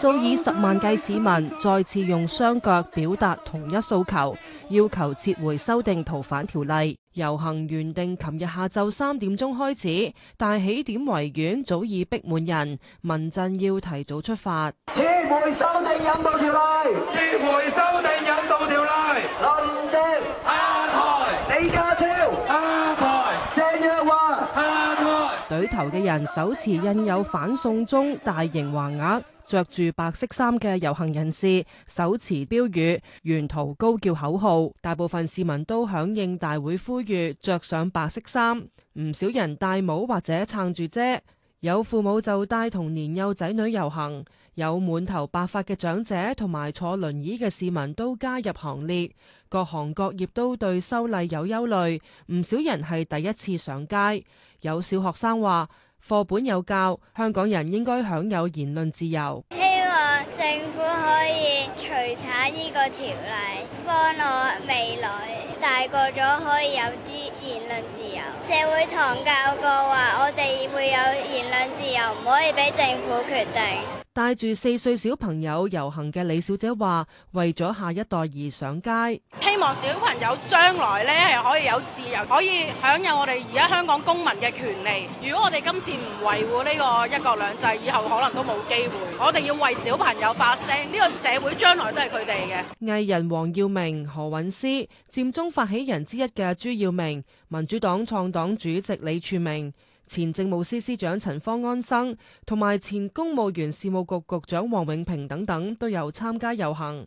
數以十萬計市民再次用雙腳表達同一訴求，要求撤回修訂逃犯條例。遊行原定琴日下晝三點鐘開始，但起點維園早已逼滿人，民陣要提早出發。撤回修訂引渡條例，撤回修訂引渡條例。林鄭正、下台、李家超、下、啊、台、鄭若驊、下台。隊、啊、台頭嘅人手持印有反送中大型橫額。着住白色衫嘅遊行人士手持標語，沿途高叫口號。大部分市民都響應大會呼籲，着上白色衫。唔少人戴帽或者撐住遮，有父母就帶同年幼仔女遊行，有滿頭白髮嘅長者同埋坐輪椅嘅市民都加入行列。各行各業都對修例有憂慮，唔少人係第一次上街。有小學生話。課本有教，香港人應該享有言論自由。希望政府可以除產呢個條例，幫我未來大個咗可以有啲言論自由。社會堂教過話，我哋要會有言論自由，唔可以俾政府決定。帶住四歲小朋友遊行嘅李小姐話，為咗下一代而上街，希望小朋友將來呢係可以有自由，可以享有我哋而家香港公民嘅權利。如果我哋今次唔維護呢個一國兩制，以後可能都冇機會。我哋要為小朋友發聲，呢個社會將來都係佢哋嘅。藝人黃耀明、何韻詩、佔中發起人之一嘅朱耀明、民主黨創黨主席李柱明。前政務司司長陳方安生同埋前公務員事務局局局長王永平等等都有參加遊行。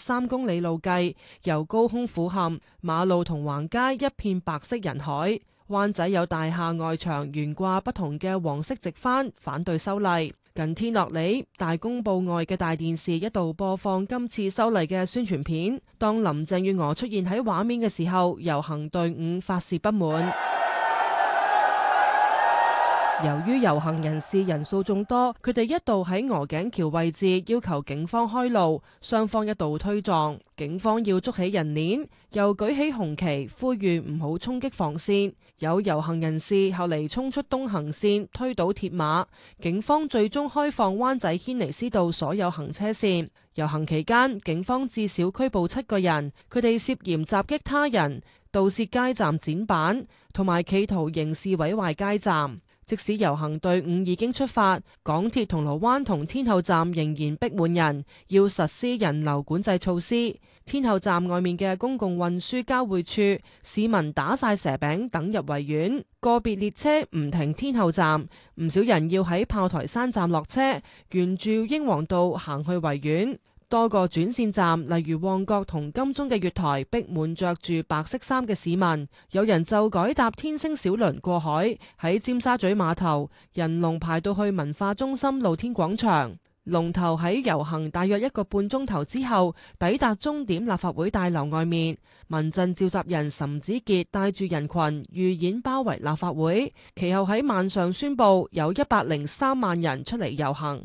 三公里路計，由高空俯瞰，馬路同橫街一片白色人海。灣仔有大廈外牆懸掛不同嘅黃色直幡，反對修例。近天樂里，大公報外嘅大電視一度播放今次修例嘅宣傳片。當林鄭月娥出現喺畫面嘅時候，遊行隊伍發洩不滿。由於遊行人士人數眾多，佢哋一度喺鵝頸橋位置要求警方開路，雙方一度推撞，警方要捉起人鏈，又舉起紅旗呼籲唔好衝擊防線。有遊行人士後嚟衝出東行線，推倒鐵馬，警方最終開放灣仔軒尼詩道所有行車線。遊行期間，警方至少拘捕七個人，佢哋涉嫌襲擊他人、盜竊街站展板，同埋企圖刑事毀壞街站。即使遊行隊伍已經出發，港鐵銅鑼灣同天后站仍然逼滿人，要實施人流管制措施。天后站外面嘅公共運輸交匯處，市民打晒蛇餅等入維園，個別列車唔停天后站，唔少人要喺炮台山站落車，沿住英皇道行去維園。多個轉線站，例如旺角同金鐘嘅月台，逼滿着住白色衫嘅市民。有人就改搭天星小輪過海，喺尖沙咀碼頭，人龍排到去文化中心露天廣場。龍頭喺遊行大約一個半鐘頭之後，抵達終點立法會大樓外面。民陣召集人岑子杰帶住人群預演包圍立法會，其後喺晚上宣布有一百零三萬人出嚟遊行。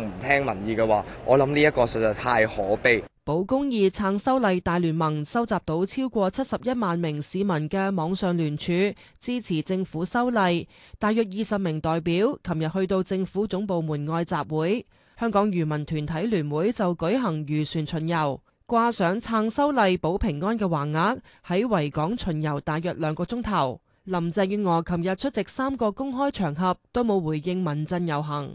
唔聽民意嘅話，我諗呢一個實在太可悲。保公義撐修例大聯盟收集到超過七十一萬名市民嘅網上聯署支持政府修例，大約二十名代表琴日去到政府總部門外集會。香港漁民團體聯會就舉行漁船巡遊，掛上撐修例保平安嘅橫額，喺維港巡遊大約兩個鐘頭。林鄭月娥琴日出席三個公開場合，都冇回應民陣遊行。